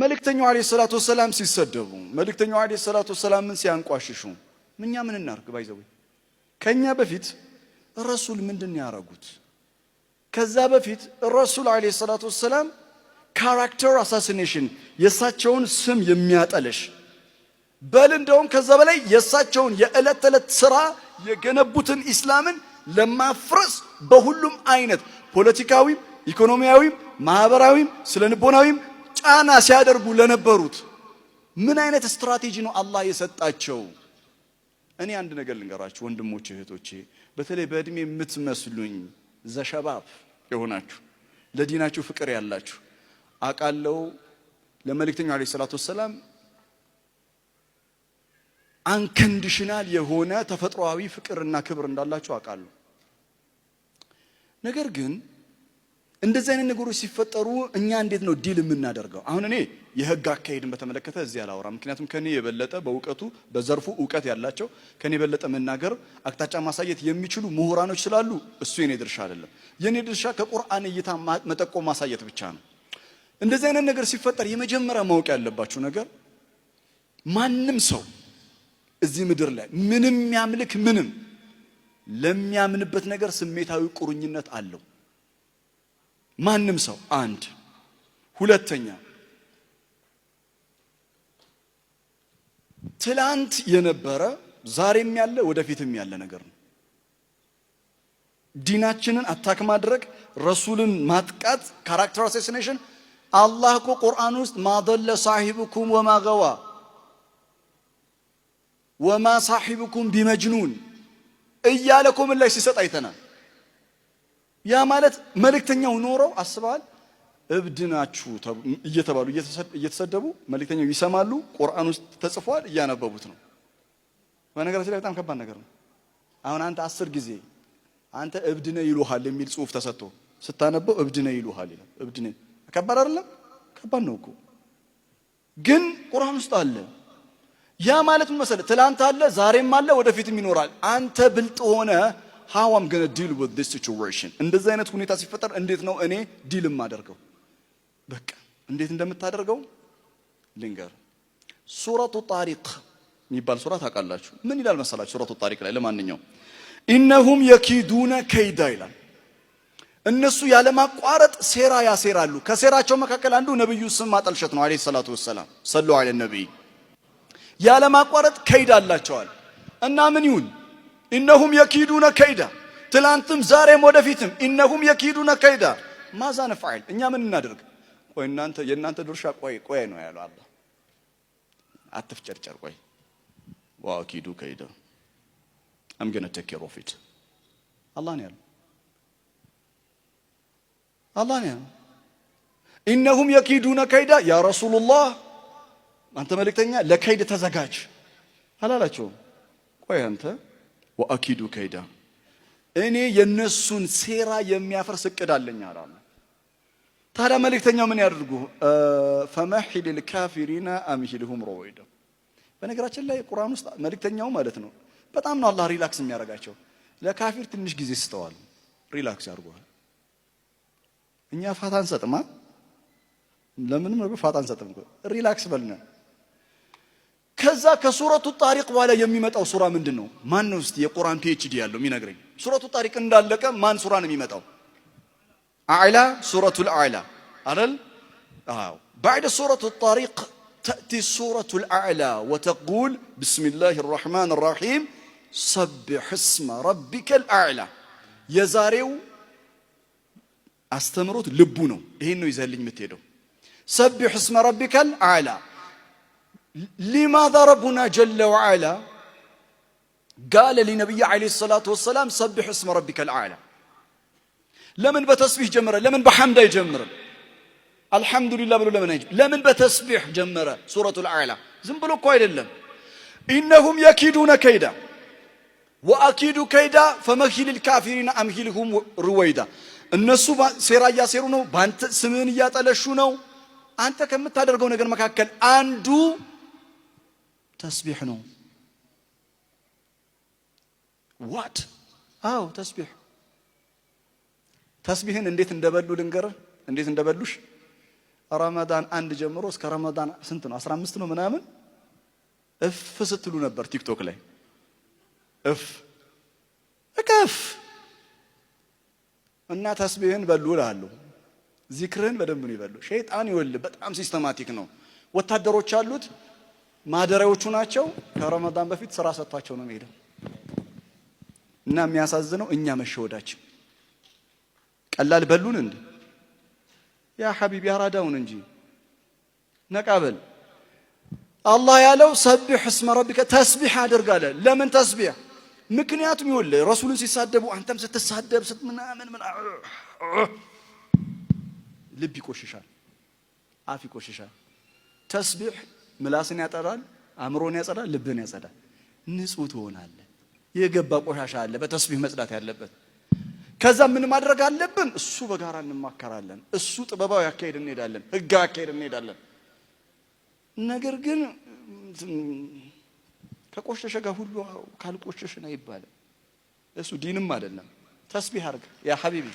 መልእክተኛው አለይሂ ሰላቱ ወሰላም ሲሰደቡ፣ መልእክተኛው አለይሂ ሰላቱ ወሰላምን ሲያንቋሽሹ እኛ ምን እናርግ? ባይዘው ከኛ በፊት ረሱል ምንድን ያረጉት? ከዛ በፊት ረሱል አለይሂ ሰላቱ ወሰላም ካራክተር አሳሲኔሽን የእሳቸውን ስም የሚያጠለሽ በል እንደውም ከዛ በላይ የእሳቸውን የዕለት ተዕለት ስራ የገነቡትን ኢስላምን ለማፍረስ በሁሉም አይነት ፖለቲካዊም፣ ኢኮኖሚያዊም፣ ማህበራዊም፣ ስነ ጫና ሲያደርጉ ለነበሩት ምን አይነት ስትራቴጂ ነው አላህ የሰጣቸው? እኔ አንድ ነገር ልንገራችሁ ወንድሞች እህቶቼ በተለይ በእድሜ የምትመስሉኝ ዘሸባብ የሆናችሁ ለዲናችሁ ፍቅር ያላችሁ አቃለው ለመልእክተኛው አለይሂ ሰላቱ ወሰላም አንከንዲሽናል የሆነ ተፈጥሯዊ ፍቅርና ክብር እንዳላችሁ አቃለሁ። ነገር ግን እንደዚህ አይነት ነገሮች ሲፈጠሩ እኛ እንዴት ነው ዲል የምናደርገው? አሁን እኔ የህግ አካሄድን በተመለከተ እዚህ አላወራ፣ ምክንያቱም ከኔ የበለጠ በእውቀቱ በዘርፉ እውቀት ያላቸው ከኔ የበለጠ መናገር አቅጣጫ ማሳየት የሚችሉ ምሁራኖች ስላሉ እሱ የኔ ድርሻ አይደለም። የኔ ድርሻ ከቁርአን እይታ መጠቆም ማሳየት ብቻ ነው። እንደዚህ አይነት ነገር ሲፈጠር የመጀመሪያ ማወቅ ያለባችሁ ነገር ማንም ሰው እዚህ ምድር ላይ ምንም የሚያምልክ ምንም ለሚያምንበት ነገር ስሜታዊ ቁርኝነት አለው። ማንም ሰው አንድ ሁለተኛ ትላንት የነበረ ዛሬም ያለ ወደፊትም ያለ ነገር ነው። ዲናችንን አታክ ማድረግ፣ ረሱልን ማጥቃት፣ ካራክተር አሴሲኔሽን። አላህ እኮ ቁርአን ውስጥ ማደለ ሳሂብኩም ወማ ገዋ ወማ ሳሂብኩም ቢመጅኑን እያለ እኮ ምላሽ ሲሰጥ አይተናል። ያ ማለት መልእክተኛው ኖረው አስበዋል። እብድ ናችሁ እየተባሉ እየተሰደቡ መልእክተኛው ይሰማሉ። ቁርአን ውስጥ ተጽፏል፣ እያነበቡት ነው። በነገራችን ላይ በጣም ከባድ ነገር ነው። አሁን አንተ አስር ጊዜ አንተ እብድ ነህ ይሉሃል የሚል ጽሑፍ ተሰጥቶ ስታነበው እብድ ነህ ይሉሃል ይላል። እብድ ነህ ከባድ አይደለም? ከባድ ነው እኮ ግን ቁርአን ውስጥ አለ። ያ ማለት ምን መሰለህ፣ ትላንት አለ፣ ዛሬም አለ፣ ወደፊትም ይኖራል። አንተ ብልጥ ሆነ ሃው አም ገነ ዲል ዊዝ ዲስ ሲቹዌሽን እንደዚህ አይነት ሁኔታ ሲፈጠር እንዴት ነው እኔ ዲል የማደርገው? በቃ እንዴት እንደምታደርገው ልንገር። ሱረቱ ጣሪቅ የሚባል ሱራ ታውቃላችሁ። ምን ይላል መሰላችሁ? ሱረቱ ጣሪቅ ላይ ለማንኛው ኢነሁም የኪዱነ ከይዳ ይላል። እነሱ ያለማቋረጥ ሴራ ያሴራሉ። ከሴራቸው መካከል አንዱ ነብዩ ስም ማጠልሸት ነው። አለይሂ ሰላቱ ወሰላም ሰለላሁ ዐለይሂ ነብይ ያለማቋረጥ ከይዳላቸዋል እና ምን ይሁን ኢነሁም የኪዱነ ከይዳ ትላንትም ዛሬም ወደፊትም ኢነሁም የኪዱነ ከይዳ ማዛ ነፍዓል እኛ ምን እናደርግ? ቆይ እናንተ የእናንተ ድርሻ ቆይ ቆይ ነው ያለው አላህ። አትፍጨርጨር ቆይ ዋኪዱ ከይዳ አም ገነ ቴክ አላህ ነው ያለው። አላህ ነው ያለው። የኪዱነ ከይዳ ያ ረሱሉላህ አንተ መልእክተኛ ለከይድ ተዘጋጅ አላላቸውም። ቆይ አንተ ወአኪዱ ከይዳ እኔ የነሱን ሴራ የሚያፈርስ እቅድ አለኝ አላለ። ታዲያ መልእክተኛው ምን ያድርጉ? ፈመሒል ልካፊሪና አምሂልሁም ሮወይዳ። በነገራችን ላይ ቁርአን ውስጥ መልእክተኛው ማለት ነው በጣም ነው አላህ ሪላክስ የሚያደርጋቸው። ለካፊር ትንሽ ጊዜ ስተዋል፣ ሪላክስ ያድርገዋል። እኛ ፋታ አንሰጥማ፣ ለምንም ፋታ አንሰጥም። ሪላክስ በልና ከዛ ከሱረቱ ጣሪቅ በኋላ የሚመጣው ሱራ ምንድን ነው? ማን ነው እስቲ የቁርአን ፒኤችዲ ያለው የሚነግረኝ? ሱረቱ ጣሪቅ እንዳለቀ ማን ሱራ ነው የሚመጣው? አዕላ ሱረቱል አዕላ አይደል? አዎ بعد ሱረቱ ጣሪቅ تأتي سورة الأعلى وتقول بسم الله الرحمن ሰብሕ እስመ ረቢከ ልአዕላ የዛሬው አስተምሮት ልቡ ነው። ይሄን ነው ይዘህልኝ የምትሄደው። ሰብሕ እስመ ረቢከ ልአዕላ لماذا ربنا جل وعلا قال لنبي عليه الصلاة والسلام سبح اسم ربك الأعلى لمن بتسبيح جمرة لمن بحمد جمرة الحمد لله بلو لمن يجب لمن بتسبيح جمرة سورة الأعلى زنبلو قوي للم إنهم يكيدون كيدا وأكيد كيدا فمهل الكافرين أمهلهم رويدا النسو سيرا እያሴሩ بانت سمين ስምህን أنت كم አንተ ከምታደርገው ነገር أندو ተስቢሕ ነው። ዋት አዎ፣ ተስቢሕ ተስቢህን እንዴት እንደበሉ ልንገር፣ እንዴት እንደበሉሽ ረመዳን አንድ ጀምሮ እስከ ረመዳን ስንት ነው? 15 ነው ምናምን እፍ ስትሉ ነበር ቲክቶክ ላይ እፍ እከፍ እና ተስቢህን በሉ ላሉ ዚክርህን በደንብ ነው ይበሉ። ሸይጣን ይወል በጣም ሲስተማቲክ ነው። ወታደሮች አሉት ማደሪያዎቹ ናቸው። ከረመዳን በፊት ስራ ሰጥቷቸው ነው የሚሄደው እና የሚያሳዝነው እኛ መሸወዳችን ቀላል በሉን እንደ ያ ሐቢብ ያራዳውን እንጂ ነቃበል አላህ ያለው ሰቢሕ እስመ ረቢከ ተስቢሕ አድርጋለ። ለምን ተስቢሕ? ምክንያቱም ይወለ ረሱሉን ሲሳደቡ አንተም ስትሳደብ ስትምናምን ምን ልብ ይቆሽሻል፣ አፍ ይቆሽሻል። ተስቢሕ ምላስን ያጠራል፣ አእምሮን ያጸዳል፣ ልብን ያጸዳል። ንጹህ ትሆናለህ። የገባ ቆሻሻ አለ በተስቢህ መጽዳት ያለበት። ከዛ ምን ማድረግ አለብን? እሱ በጋራ እንማከራለን። እሱ ጥበባዊ አካሄድ እንሄዳለን፣ ህግ አካሄድ እንሄዳለን። ነገር ግን ከቆሸሸ ጋር ሁሉ ካልቆሸሽን አይባልም። እሱ ዲንም አይደለም። ተስቢህ አርግ ያ ሀቢቢ